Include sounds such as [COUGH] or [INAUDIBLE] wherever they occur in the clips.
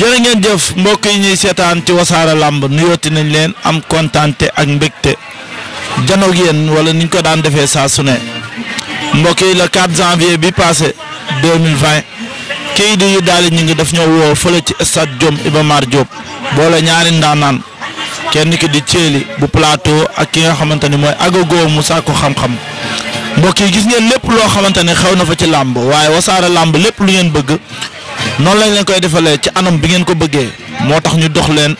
jërë ngeen jëf mbokk yi ñuy seetaan ci wasaara làmb nuyooti nañ leen am kontaante ak mbégte janoog yéen wala niñ ko daan defee saa su ne mbokk yi le 4 janvier bi passé 2020 kii di yu daali ñu ngi daf ñoo woo fële ci stade Jom Iba Mar Diop boole ñaari ndaanaan kenn ki di Thiély bu plateau ak ki nga xamante ni mooy Agogo mu sàkku xam-xam mbokk gis ngeen lépp loo xamante ne xew na fa ci làmb waaye wasaara làmb lépp lu ngeen bëgg noonu lañ leen koy defalee ci anam bi ngeen ko bëggee moo tax ñu dox leen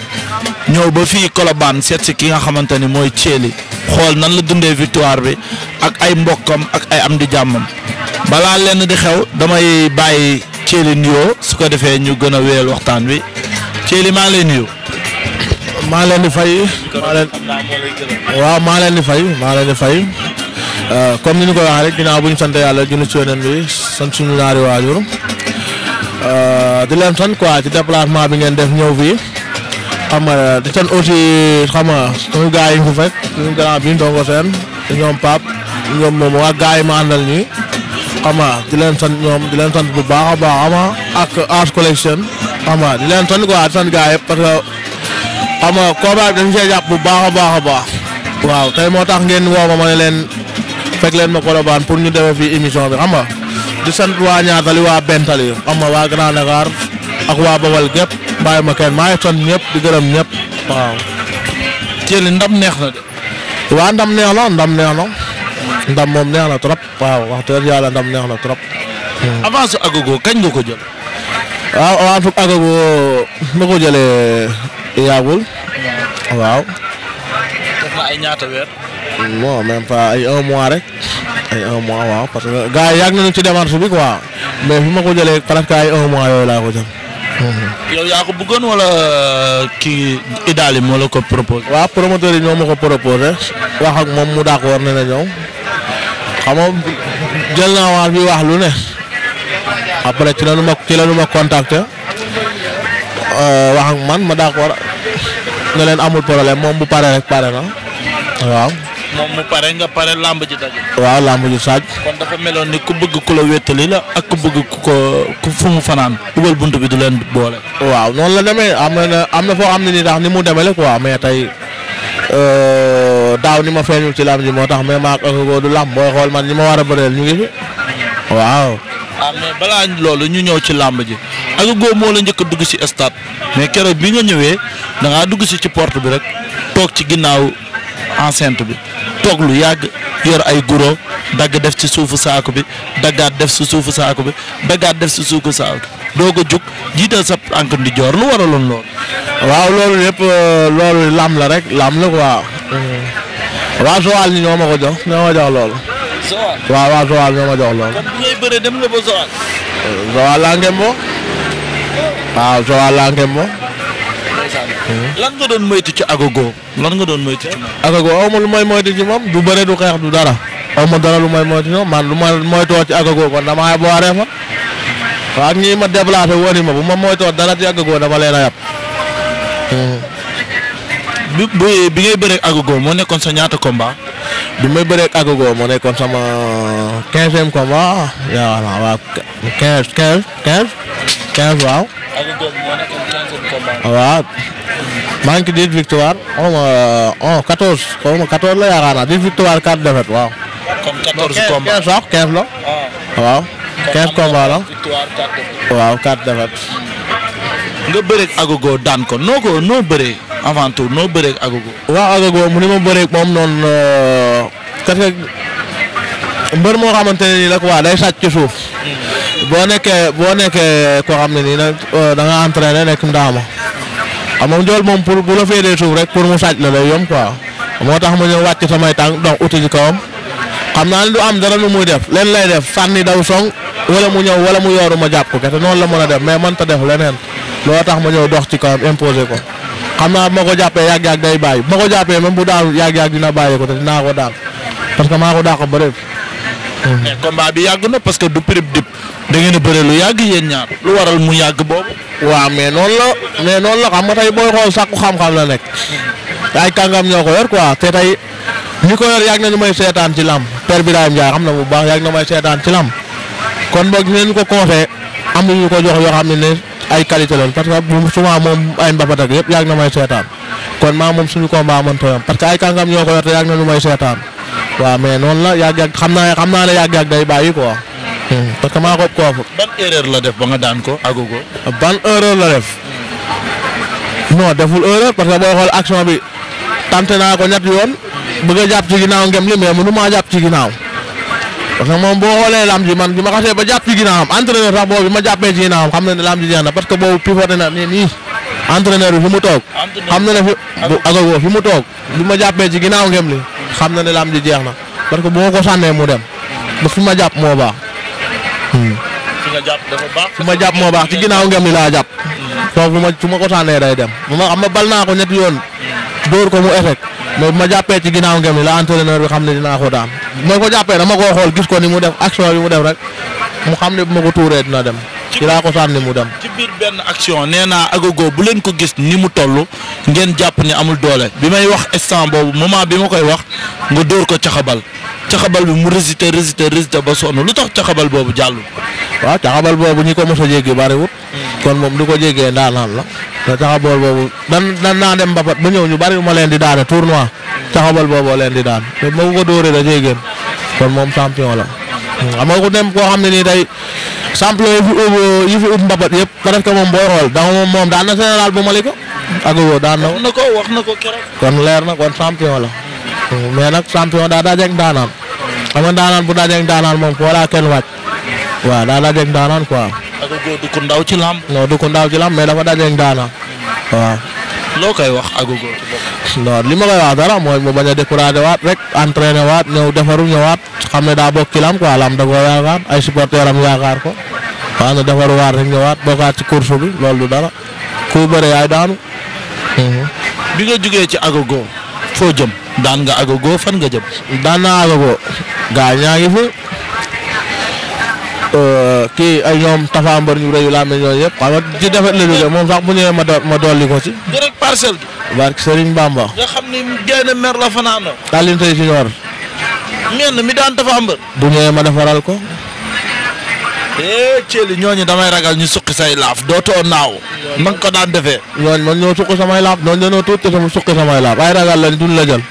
ñëw ba fii Colobane seet ki nga xamante ni mooy Thiely xool nan la dundee victoire bi ak ay mbokkam ak ay am di jàmmam balaa lenn di xew damay bàyyi Thiely nuyoo su ko defee ñu gën a wéyal waxtaan bi Thiely maa ngi lay nuyu. maa leen di fay. maa waaw maa leen di fay maa leen di fay. Euh, comme ni ñu ko waxee rek ginnaaw bu ñu sant yàlla junni ci yonent bi sant suñu ñaari waajur Euh, di leen sant quoi ci déplacement bi ngeen def ñëw fii xam nga di sant aussi xama nga suñu gars yi ñu fi fekk suñu grand bi Ndongo Sène ñoom Pape ñoom moom waa gars yi ma àndal ñii xam nga di leen sant ñoom di leen sant bu baax a baax ama ak Art Collection xam nga di leen sant quoi di sant gars parce que xam nga combat bi dañ see jàpp bu baax a baax a baax. waaw tey moo tax ngeen woo ma ma leen fekk leen ma Colobane pour ñu defee fii émission bi xam di sant waa Ñaatali waa Bentali xam waa Grand ak waa Bawal gépp bàyyi kenn maa ngi sant ñëpp di gërëm ñëpp waaw. Thiel ndam neex na de. waa ndam neex na ndam neex na ndam moom neex na trop waaw wax dëgg yàlla ndam neex na trop. avance agogo kañ nga ko jël. waaw avance agogo ma ko jëlee yaagul. waaw. def na ay ñaata weer. non même pas ay un mois rek. ay un mois waaw parce que gars yi yàgg nañu ci démarche bi quoi mais fi ma ko jëlee presque ay un mois yooyu laa ko jël. yow yaa ko bëggoon wala euh, kii Idaly moo la ko proposé. waaw promoteur yi ñoo ma ko proposé wax ak moom mu d'accord ne na ñëw xam nga jël naa waar bi wax lu ne après ci la nu ma ci la nu ma contacté euh, man ma d'accord ne leen amul problème moom bu pare rek pare na waaw. moom mu pare nga pare làmb ji daje. waaw làmb ji saaj. kon dafa meloon ni ku bëgg ku la wéttali la ak ku bëgg ku ko ku fu mu fanaan. ubal bunt bi du leen boole. waaw noonu la demee am na foo am na foo xam ni mu demee la quoi mais tey euh, daaw ni ma feeñul ci làmb ji moo tax mais maa ko du làmb booy xool man ñi ma war a bëreel ñu ngi fi waaw. ah mais balaa loolu ñu ñëw ci làmb ji Agogo moo la njëkk a dugg si stade mais keroog bi nga ñëwee da dugg si ci porte bi rek toog ci ginnaaw enceinte bi toog lu yàgg yor ay guro dagg def ci suufu saako bi daggaat def ci suufu saako bi daggaat def ci suufu saako bi doo ko jug jiital sa tànk di joor lu waraloon lool. waaw loolu yëpp euh, loolu lam la rek lam la waaw. Hmm. waaw Joal ni ñoo ma ko jox ñoo ma jox loolu. waaw waaw Joal ñoo laa ngeen boo. Oh. waaw Joal laa ngeen lan nga doon moytu ci agogo lan nga doon moytu ci moom. agogo aw ma lu may moytu ci moom du bëre du xeex du dara aw ma dara lu moytu ci agogo ma déplacé ci agogo dama yab. bi ngay bëreeg agogo moo nekkoon sa ñaata combat. bi may bëreeg agogo moo nekkoon sama quinzième combat waaw waaw quinze quinze quinze quinze waaw. waaw maa ngi ci 10 victoire xaw ma 14 xaw ma 14 la yaakaar naa 10 victoire 4 défaite waaw. comme 14 combats 15 sax 15 la. Ah. waaw 15 combats la. waaw 4 défaite. nga bëreeg Agogo daan ko noo ko noo bëree avant tout noo bëreeg Agogo. waaw Agogo mu ni ma bëreeg moom noonu kat euh, mbër moo xamante ne nii nag waa day sàcc ci suuf. Hmm. boo nekkee boo nekkee koo xam ne nii nag euh, da nga entraîné nekk ndaama. xam ah, nga njool moom pour bu la féetee suuf rek pour mu sàcc la lay yom quoi moo tax ma ñëw wàcc samay tànk donc uti ci kawam xam naa ne du am dara lu muy def leen lay def sànni daw song wala mu ñëw wala mu yooru ma jàpp ko te noonu la mën a def mais man ta def leneen looloo tax ma ñëw dox ci kawam imposé ko xam naa ma ko jàppee yàgg-yàgg day bàyyi ma ko jàppee même bu daanu yàgg-yàgg dina bàyyi ko te dinaa ko daal parce que maa ko dàq ba mais combat bi yàgg na parce que du prib dip da ngeen a lu yàgg yéen ñaar lu waral mu yàgg boobu. waaw mais noonu la mais noonu la xam nga tey booy xool sàkku xam-xam la nekk. ay kàngam ñoo ko yor quoi te tey may seetaan ci lam père Birahim Ndiaye na bu baax yàgg lam kon boog ñu ko conseillé am nañu ko jox yoo xam ne parce que ay mbapat ñoo ko yor te yàgg na ñu may seetaan. waaw mais noonu la yàgg yàgg xam naa xam naa ne yàgg yàgg day bàyyi quoi. Hmm, parce que maa ko koofu. ban la def ba nga daan ko agogo. ba erreur la def. non deful erreur parce que booy xool bi tante naa ko ñetti yoon. bëgg a jàpp ci ginnaaw ngem li mais mënu maa jàpp ci ginnaaw. parce que moom boo xoolee lam ji man bi ma xasee ba jàpp ci ginnaawam entraîneur sax ma jàppee ci ginnaawam xam na ne lam ji jeex parce que boobu pivoté na ne nii bi fi mu toog. xam na ne fi agogo fi mu toog bi ma jàppee ci ginaaw ngem li xam na ne lamb ji jeex na parce que bu ma ko sànnee mu dem ba fi ma jàpp moo baax. Hmm. fi nga jàpp dafa ma jàpp moo baax ci ginnaaw ngem li laa jàpp. foofu ma su ma ko sànnee day dem bu ma xam ma bal naa ko ñetti yoon. dóor ko mu échec. mais bu ma jàppee ci ginnaaw ngem li la entraîneur bi xam ne dinaa ko daan. bu ma ko jàppee dama koo xool gis ko ni mu def action bi mu def rek mu xam ne bu ma ko tuuree dina dem. ci laa ko sànni mu dem. ci biir benn action nee naa Agogo bu leen ko gis ni mu toll ngeen jàpp ni amul doole bi may wax instant boobu moment bi ma koy wax nga dóor ko caxabal caxabal bi mu résister résister résister ba sonn lu tax caxabal boobu jàllul. waaw caxabal boobu ñi ko mos a jéggi bariwul. Hmm. kon moom du ko jéggee ndaanaan la. te caxabal boobu dan dan naa dem mbapat ba ñëw ñu bari ma leen di daane tournoi. caxabal booboo leen di daan te ma ko dóoree da jéggeen kon moom champion la. Hmm. xam nga ku dem koo xam ne nii champion yi fi ub yi fi ub mbapat yëpp presque moom booy xool da moom moom daan na général bu Malika ak woo daan ko wax na ko keroog kon leer na kon champion la mais nag champion daa dajeeg daanaan xam nga bu dajeeg daanaan moom foo laa waa wàcc waaw daa dajeeg daanaan quoi. ndaw ci lamb. non ko ndaw ci lamb mais dafa dajeeg loo koy wax Agogo. non li ma koy wax dara mooy mu bañ a décourager waat rek entraîner waat ñëw defaru ñëwaat xam ne daa bokk ci lamb quoi lamb da ay supporteurs am ko. waaw nga defar waat rek nga waat bokkaat ci course bi loolu dara ku bëre yaay daanu. bi nga jugee ci ago agogo foo jëm daan nga agogo fan nga jëm. daan naa agogo gaañ ñaa ngi fi euh, kii ay ñoom Tafa ñu rëyu laa mel ñooñu yëpp. xam nga ci defet la jógee moom sax bu ñëwee ma do dolli ko ci. rek parcelle bi. barke Serigne Bamba. nga xam ni génn mer la fanaanoo. Alioune Seye Junior. meen mi daan Tafa Mbër. ñëwee ma defaral ko. eh Thiel ñooñu damay ragal ñu suqi say laaf dootoo naaw. na ko daan defee. ñooñu man ñoo suqi samay laaf ñooñu dañoo tuut te sama suqi samay laaf ay ragal lañ duñ la jël.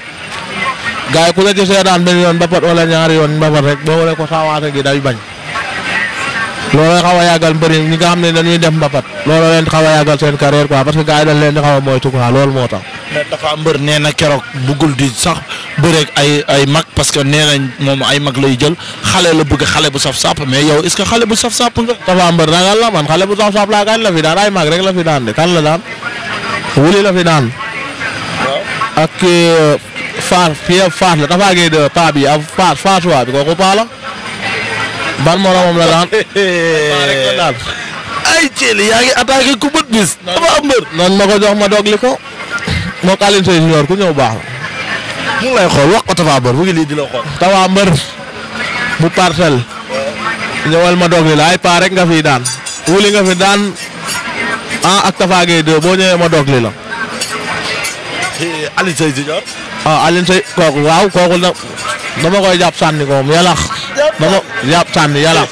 gars yi ku la ci ba benn yoon mbapat wala ñaari yoon mbapat rek boo waree ko saawaate gi day bañ. looloo a yàggal mbëri ñi nga xam ne dañuy def mbapat. looloo leen xaw a yàggal seen carrière quoi parce que gars yi dañ leen di xaw a moytu quoi loolu moo tax. mais dafa mbër nee na keroog buggul di sax bëreeg ay ay mag parce que nee nañ ay mag lay jël xale la bëgg xale bu saf sàpp mais yow xale bu saf sàpp nga. dafa am bër ragal la man xale bu saf laa kañ la fi ay mag rek la fi kan la daan wuli la fi daan. Euh, ak faar fii la dafa gee de paa bi ak faar faar waa bi kooku paa la. ban [LAUGHS] ay Thiel yaa ngi attaqué ku bët bis. dafa am mbër. noonu ma dog jox ma dogli ko. moo Alioune Seye ku baax mu ngi lay xool wax ko Tapha Mbeur mu ngi lii di la xool. Tapha Mbeur bu parcelle. ñëwal ma dog li la ay paa rek nga fi daan. wuli nga fi daan ak Tapha Gueye 2 boo ñëwee ma dog li la. Alioune Seye Junior. waaw kooku nag dama koy jàpp sànni ko moom dama jàpp sànni yalax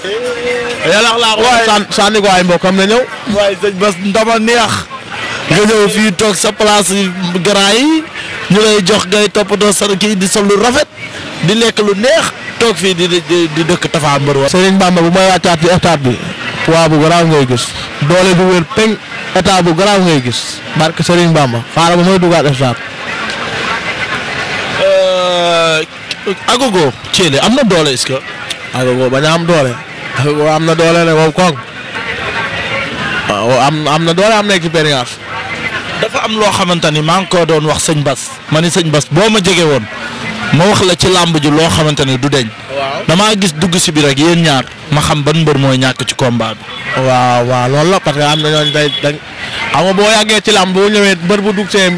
yalax laa ko sànni ko ay mbokkam na ñëw. dama neex. nga ñëw fii toog sa place grand ñu lay jox ngay toppatoo sa kii di sol lu rafet di lekk lu neex toog fii di di di dëkk Tafa Mbër wa. Serigne Bamba bu may wàccaat ci état bi poids bu garaaw ngay gis doole bu wér peñ état bu garaaw ngay gis barke Serigne Bamba xaaral ma may dugaat état. Euh, agogo. Thielé am na doole est Agogo bañ am doole. Agogo am na doole ne moom koŋ. Ah, am na doole am na expérience. dafa am loo xamante ni maa ngi ko doon wax sëñ Bas ma ni sëñ Bas boo ma jege woon ma wax la ci làmb ji loo xamante ni du deñ damaa gis dugg si bi rek yéen ñaar ma xam ban mbër mooy ñàkk ci combat bi. waaw waaw loolu la parce que am na ñooñu day dañ xam nga boo yàggee ci làmb boo ñëwee mbër bu dugg see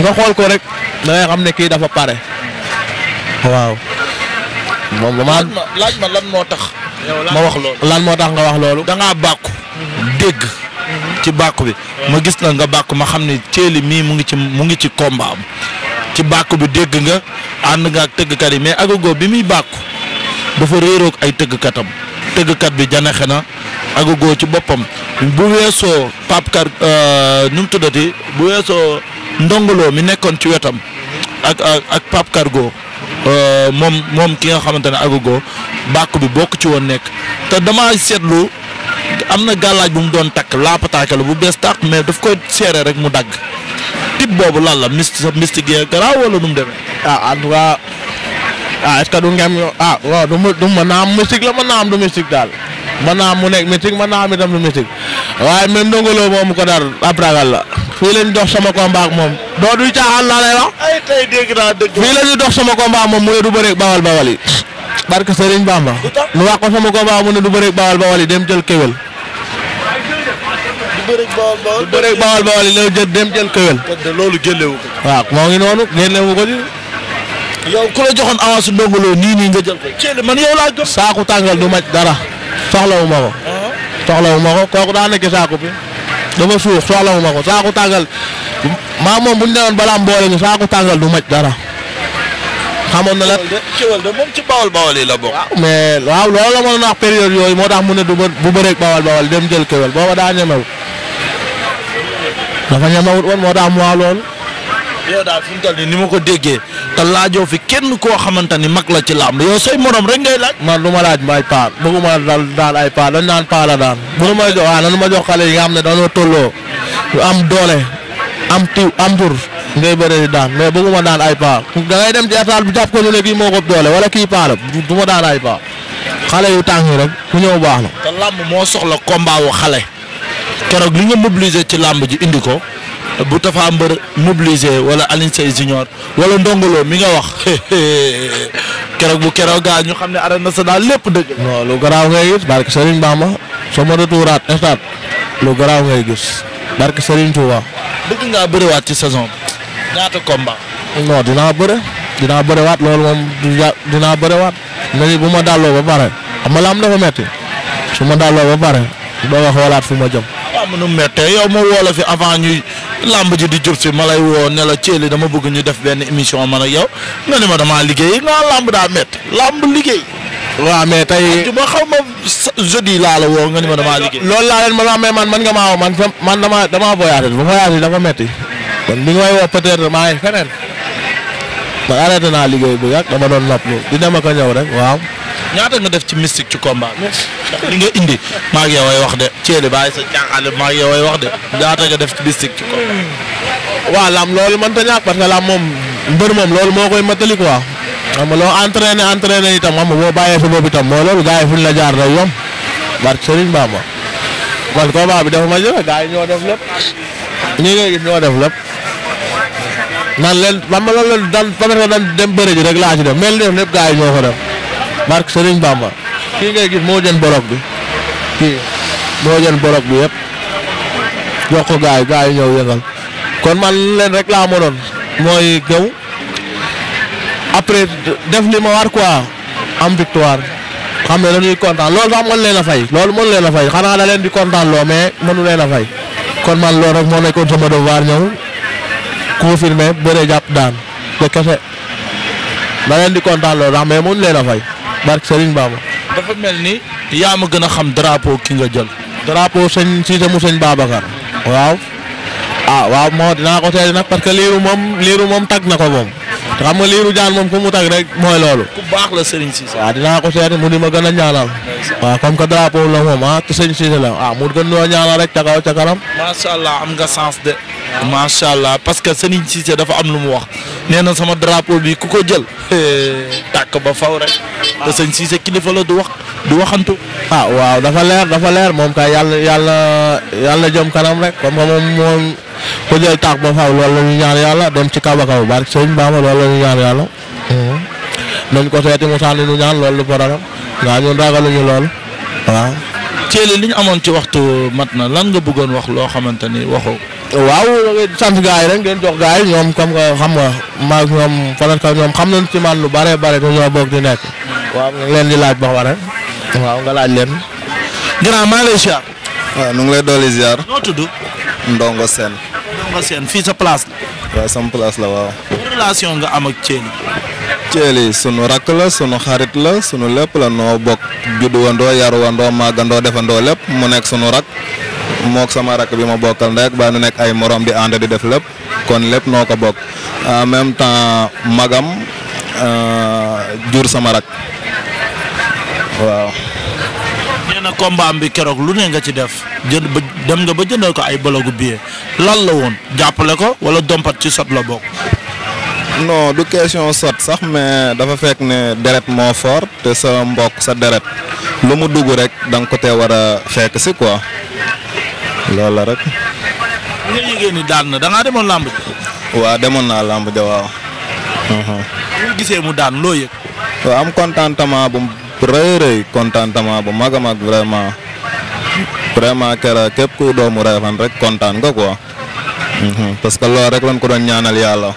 nga xool ko rek da xam ne kii dafa pare waaw. moom ma laaj ma lan moo tax. ma wax loolu lan moo tax nga wax loolu. da ngaa bàkku dégg ci bàkku bi. ma gis na nga bàkk ma xam ne Thiely mii mu ngi ci mu ngi ci kombaam ci bàkk bi dégg nga ànd nga ak tëggkat yi mais Agogo bi muy bàkku dafa réeroog ay tëggkatam tëggkat bi janaxe na Agogo ci boppam bu weesoo papkar Kar euh, nu mu tuddati bu weesoo ndongoloo mi nekkoon ci wetam ak ak ak Pape Kargo euh, moom moom ki nga xamante ne Agogo bàkk bi bokk ci woon nekk te dama seetlu. am na gàllaaj bu mu doon takk laapataake la bu bees tàq mais daf koy seere rek mu dagg tip boobu lan la mist sa mystique yee garaaw wala nu mu demee. ah en tout cas ah est ce que du ngem ah waaw du du mën naa am mystique la mën naa am du mystique daal mën naa am mu nekk mystique mën naa am itam du mystique waaye même Ndongo Lo moom ko dar ab ragal la. fii la ñu dox sama combat ak moom. doo duy caaxaan laa lay wax. ay tey dégg naa dëgg. fii la ñu dox sama combat ak moom mu ne du bëreeg bawal bawal yi. barke Serigne Bamba. mu wax ko sama combat mu ne du bëreeg bawal bawal yi dem jël kéwél. bëreeg bawal bawal. du bëreeg bawal dem jël këwel. de loolu génnewu ko. waaw moo ngi noonu génnewu ko ci. ku la joxoon avance Ndongo Lo nii nii nga jël ko. Thiel man laa gëm. saako tàngal du maj dara. soxla ma ko. Ah. soxlawu ma ko kooku daa nekk saako bi. dama suux soxlawu ma ko saako tàngal maa moom bu ñu newoon balaa mboole ñu saako tàngal du maj dara. xamoon na la kéwél de moom ci bawal bawal yi la bokk. waaw waaw loolu la ma doon wax période yooyu moo tax mu ne du bu bëreeg bawal bawal dem jël kéwél booba daa ñemew dafa ñemewut woon moo tax mu waa loolu. yow daal fi mu ni ma ko déggee te laajoo fi kenn koo xamante ni mag la ci làmb yoo say morom rek ngay laaj. man du ma laaj ma ay paa bëgguma daal daal ay paa dañ naan paa la daan mënu ma jox waaw ma jox xale yi nga xam ne dañoo tolloo am doole am tiw am tur ngay bëre daan mais bëgguma daan ay paa da ngay dem ci état bi jàpp ko ñu kii moo ko doole wala kii paa la du daan ay paa xale yu tàng rek ku ñëw baax na. te làmb moo soxla combat wu xale. keroog li nga mobiliser ci làmb ji indi ko bu Tapha Mbeur mobiliser wala Alioune Seye Junior wala Ndongo mi nga wax [LAUGHS] keroog bu keroog ñu xam ne arène nationale lépp dëgg la. non lu garaaw ngay gis barke Serigne Bamba soo ma retouraat stade lu garaaw ngay gis bëriwaat ci saison bi komba combat. non dinaa bëre dinaa bëriwaat loolu moom dinaa bëriwaat. mais bu ma dàlloo ba pare xam nga làmb dafa metti su ma dàlloo ba pare doo nga xoolaat fu ma jëm. làmb nu mettee yow ma woo la fi avant ñuy làmb ji di jub ma lay woo ne la dama bëgg ñu def benn émission man ak yow nga ne ma damaa liggéey nga làmb daa metti làmb liggéey. waaw mais tey ma xaw ma jeudi laa la woo nga ni ma damaa liggéey. loolu laa leen mën a man man nga maa woo man man damaa dafa metti kon li nga may woo peut-être maa ngi feneen. ba naa liggéey bi yàgg dama doon nopp lu di dem ak ñëw rek waaw. ñaata nga def ci mystique ci combat li nga indi maa ngi yow wax de Thielly bàyyi sa caaxaan maa ngi yow wax de ñaata nga def ci mystique ci combat waaw lam loolu mënta ñàkk parce que lam moom mbër moom loolu moo koy matali quoi xam nga loo entraîné entraîné itam xam nga boo bàyyee sa bopp itam mooy loolu gars fu ñu la jaar day yomb barke Serigne Bamba man combat bi dafa ma jëlee gars ñoo def lépp ñi ngay ñoo def lépp nan leen man ma loolu daan parce que daan dem bëre rek laa ci def mel ni def lépp yi ñoo ko def. barke Sëriñ ma kii ngay gis moo jën borog bi kii moo jën borog bi yëpp jox ko gaay gaay ñëw yëngal kon man leen rek laa mënoon mooy gëw après def li ma war quoi am victoire xam ne dañuy kontaan loolu sax mën leen a fay loolu mën leen a fay xanaa da leen di kontaan loo mais mënu leen a fay kon man loolu rek moo nekkoon sama devoir ñëw confirmé bëre jàpp daan te kese da di kontaan loolu sax mais mënu leen a fay. barke Serigne Baba. dafa mel ni. yaa ma gën a xam drapeau ki nga jël. drapeau sëñ Cissé mu sëñ Babacar. waaw. ah waaw moo dinaa ko seede nag que liiru moom liiru na ko moom. te xam nga liiru jaan moom ku mu tag rek mooy loolu. ku baax la Serigne Cissé. Ah, mu di ma gën a ñaanal. waaw ah, comme que drapeau la moom ah te sëñ la ah, mu gën ñoo ñaanal rek ca kaw ca kanam. am nga de. macha allah parce que Serigne Cissé dafa am lu mu wax nee na sama drapeau bi ku ko jël tàkk ba faw rek. te sëñ Cissé kilifa la du wax du waxantu. ah waaw dafa leer dafa leer moom kay yàlla yàlla yàlla jëm kanam rek comme que moom moom ku jël tàkk ba faw loolu la ñaan yàlla dem ci kaw ba kaw barke sëñ Bamba loolu la ñu ñaan yàlla. Mm-hmm. nañ ko seeti mu sànni ñu ñaan loolu du problème waaw ñun ragaluñu loolu waaw. Thiel li ñu amoon ci waxtu mat na lan nga buggoon wax loo xamante ni waxoo. waaw sant gars yi rek ngeen jox gars yi ñoom comme que xam nga ma ak ñoom peut être ñoom xam nañ ci man lu bare bare te ñoo bokk di nekk. waaw nga leen di laaj ba xam waaw nga laaj leen. grand maa ngi lay ziar. nu ngi lay doole ziar. noo tudd. Ndongo seen Ndongo fii sa place la. waaw nga am ak Thiely. Thiely sunu rakk la sunu xarit la sunu lépp la noo bokk juddu wandoo yaru wandoo màggandoo defandoo lépp mu nekk sunu rakk. mook sama rakk bi ma bokkal ndey baa nu nekk ay morom di ànd di def lépp kon lépp noo ko bokk en même temps magam euh, jur sama rakk waaw. nee na combat bi keroog lu ne nga ci def jënd ba dem nga ba jëndal ko ay bologu billet lan la woon jàppale ko wala dompat ci sot la bokk. non du question sot sax mais dafa fekk ne deret moo fort te sa mbokk sa deret lu mu dugg rek da nga ko tee war a fekk si quoi loolu la rek. nga yëgee ni demoon làmb waa demoon naa làmb ja waaw. ñu mhm. gisee mu daan loo yëg. waaw am contentement bu rëy rëy contentement bu mag a mag vraiment vraiment keroog képp ku doomu Refane rek kontaan nga ko mhm, parce que loolu rek lañ ko doon ñaanal yàlla.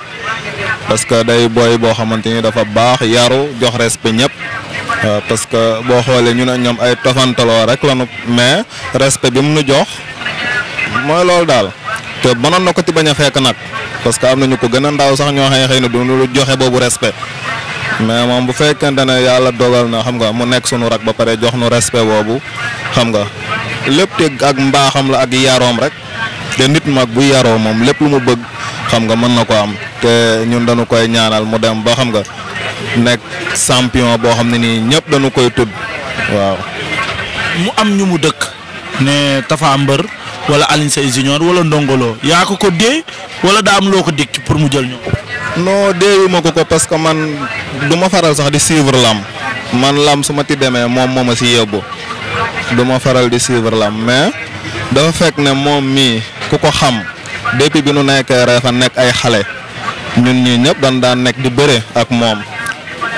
parce que day booy boo xamante ni dafa baax yaru jox respect ñëpp. parce que boo xoolee ñu ne ñoom ay tofantaloo rek lañu mais respect bi mu nu jox. mooy loolu daal te mënoon na ko ci bañ a fekk nag parce que am na ñu ko gën a ndaw sax ñoo xëy xëy na du lu joxe boobu respect mais moom bu fekkente ne yàlla dogal na xam nga mu nekk sunu rak ba pare jox nu respect boobu xam nga lépp te ak mbaaxam la ak yaroom rek te nit mag bu yaroo moom lépp lu mu bëgg xam nga mën na ko am te ñun dañu koy ñaanal mu dem ba xam nga nekk sampion boo xam ne nii ñëpp dañu koy tudd waaw. mu am ñu mu dëkk. ne Tapha Mbeur. wala Alioune Seye Junior wala Ndongolo yaa ko ko dee wala daa am loo ko dikk pour mu jël ñu non déeyu ma ko ko parce que man du ma faral sax di suivre lam man lam su ma ti demee moom moo ma si yóbbu du ma faral di suivre lam mais dafa fekk ne moom mii ku ko xam depuis bi nu nekkee reefa nekk ay xale ñun ñii ñëpp dan daan nekk di bëre ak moom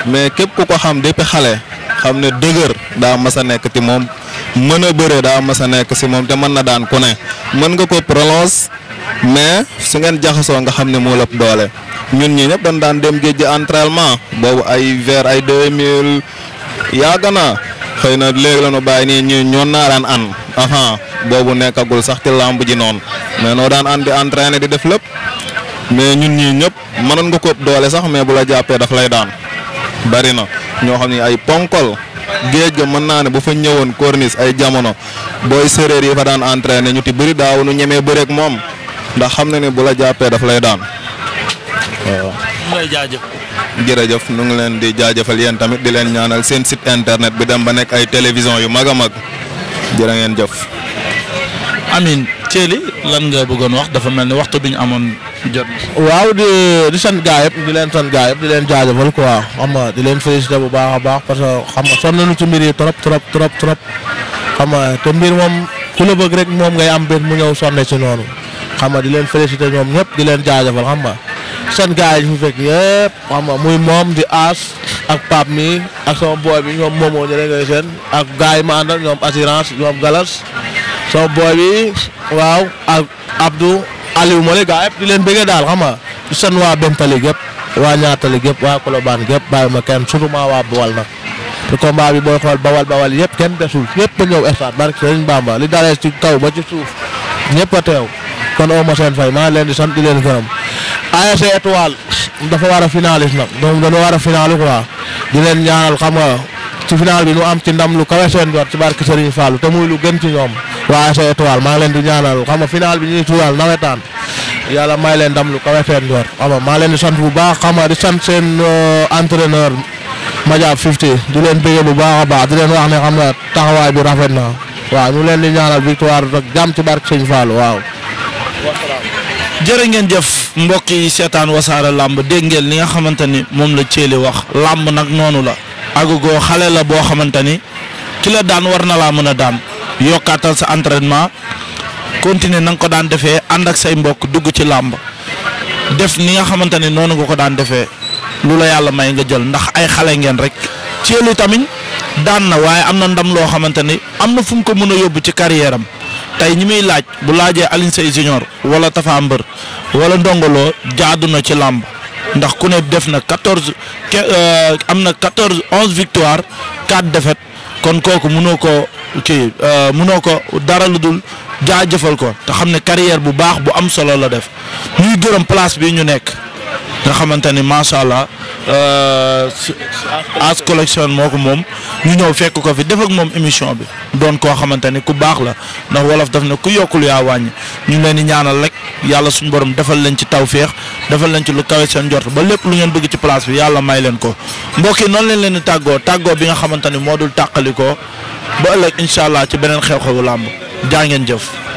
mais képp ku ko xam depuis xale xam ne dëgër daa mas a nekk ci moom mën a bëree daa mas a nekk si moom te mën na daan ku ne mën nga ko prolonge mais su ngeen jaxasoo nga xam ne moo lëpp doole ñun ñi ñëpp dañ daan dem géej gi entraînement boobu ay vers ay 2000 yàgg na xëy na léegi la ñu bàyyi nii ñu ñoon naa daan an aha boobu nekkagul sax ci làmb ji noonu mais noo daan an di entraîné di def lépp mais ñun ñii ñëpp mënoon nga ko doole sax mais bu la jàppee daf lay daan bari na ñoo xam ne ay ponkol. géej ga mën naa ne bu fa ñëwoon corniche ay jamono booy séeréer yi fa daan ne ñu ti bëri daaw nu ñemee bëreek moom ndax xam na ne bu la jàppee daf lay daan waaw. ngay jaajëf. jërëjëf nu ngi leen di jaajëfal yeen tamit di leen ñaanal seen sit internet bi dem ba nekk ay télévision yu mag a mag jërë ngeen jëf. Amin Thielly lan nga bëggoon wax dafa mel ni waxtu bi amoon. jot waaw di di sant gaa yëpp di leen sant gaa yëpp di leen jaajëfal quoi xam nga di leen félicité bu baax a baax parce que xam nga sonn nañu ci mbir yi trop trop trop trop xam nga te mbir moom ku la bëgg rek moom ngay am benn mu ñëw sonne ci noonu xam nga di leen félicité ñoom ñëpp di leen jaajëfal xam nga sant gaa yi fi fekk yëpp xam nga muy moom di aas ak pap mi ak sama booy bi ñoom moomoo ñu rek ngay seen ak gaa yi ma àndal ñoom assurance ñoom galas sama booy bi waaw ak Abdou. Aliou Mole gaa yëpp di leen bëggee daal xam nga di sant waa Bentali gépp waa Ñaatali gépp waa Colobane gépp bàyyi ma kenn surtout maa waa Bawal nag te combat bi booy xool Bawal Bawal yëpp kenn desul ñëpp a ñëw stade barke Serigne Bamba li dalee ci kaw ba ci suuf ñëpp a teew kon oo seen fay maa leen di sant di leen gërëm ASC Étoile dafa war a finaliste nag donc dañoo war a finalu quoi di leen ñaanal xam nga ci final bi nu am ci ndam lu kawe seen jot ci barke lu gën ci waa sa étoile maa leen di ñaanal xam nga final bi ñuy tuuraal nawetaan yàlla may leen ndam lu kawe seen yor xam nga maa leen di sant bu baax xam nga di sant seen euh, entraîneur Madiab 50 di leen bëggee bu baax a baax du leen wax ne xam na taxawaay bi rafet na waaw ñu leen di ñaanal victoire rek jàmm ci barke Sëñ Fall waaw. jërë ngeen jëf mbokk yi seetaan wasaare làmb dégg ngeen li nga xamante ni moom la Thielly wax làmb nag noonu la. Agogo xale la boo xamante ni ki la daan war na laa mën a daan. yokkaatal sa entraînement continuer na ko daan defee ànd ak say mbokk dugg ci làmb def ni nga xamante ne noonu nga ko daan defee lu la yàlla may nga jël ndax ay xale ngeen rek Thielou tamit daan na waaye am na ndam loo xamante ni am na fu mu ko mën a yóbbu ci carrière am tey ñi muy laaj bu laajee Alioune Seye Junior wala Tafa Mbër wala Ndongolo jaadu na ci làmb ndax ku ne def na quatorze euh, am na quatorze onze victoire quatre défaites kon kooku mënoo ko kii euh, mënoo ko dara lu dul jaajëfal ko te xam ne carrière bu baax bu am solo la def mu gërëm place bi ñu nekk. nga xamante ni macha allah euh, as collection moo ko moom ñu ñëw fekk ko fi def ak moom émission bi doon koo xamante ni ku baax la ndax wolof daf ne ku yokkul yaa wàññi ñu leen di ñaanal rek yàlla suñu borom defal leen ci tawféex defal leen ci lu kawe seen jot ba lépp lu ngeen bëgg ci place bi yàlla may leen ko mbokk noonu leen leen di tàggoo tàggoo bi nga xamante ni moo dul ko ba ëllëg incha allah ci beneen xew-xewu làmb jaa ngeen jëf.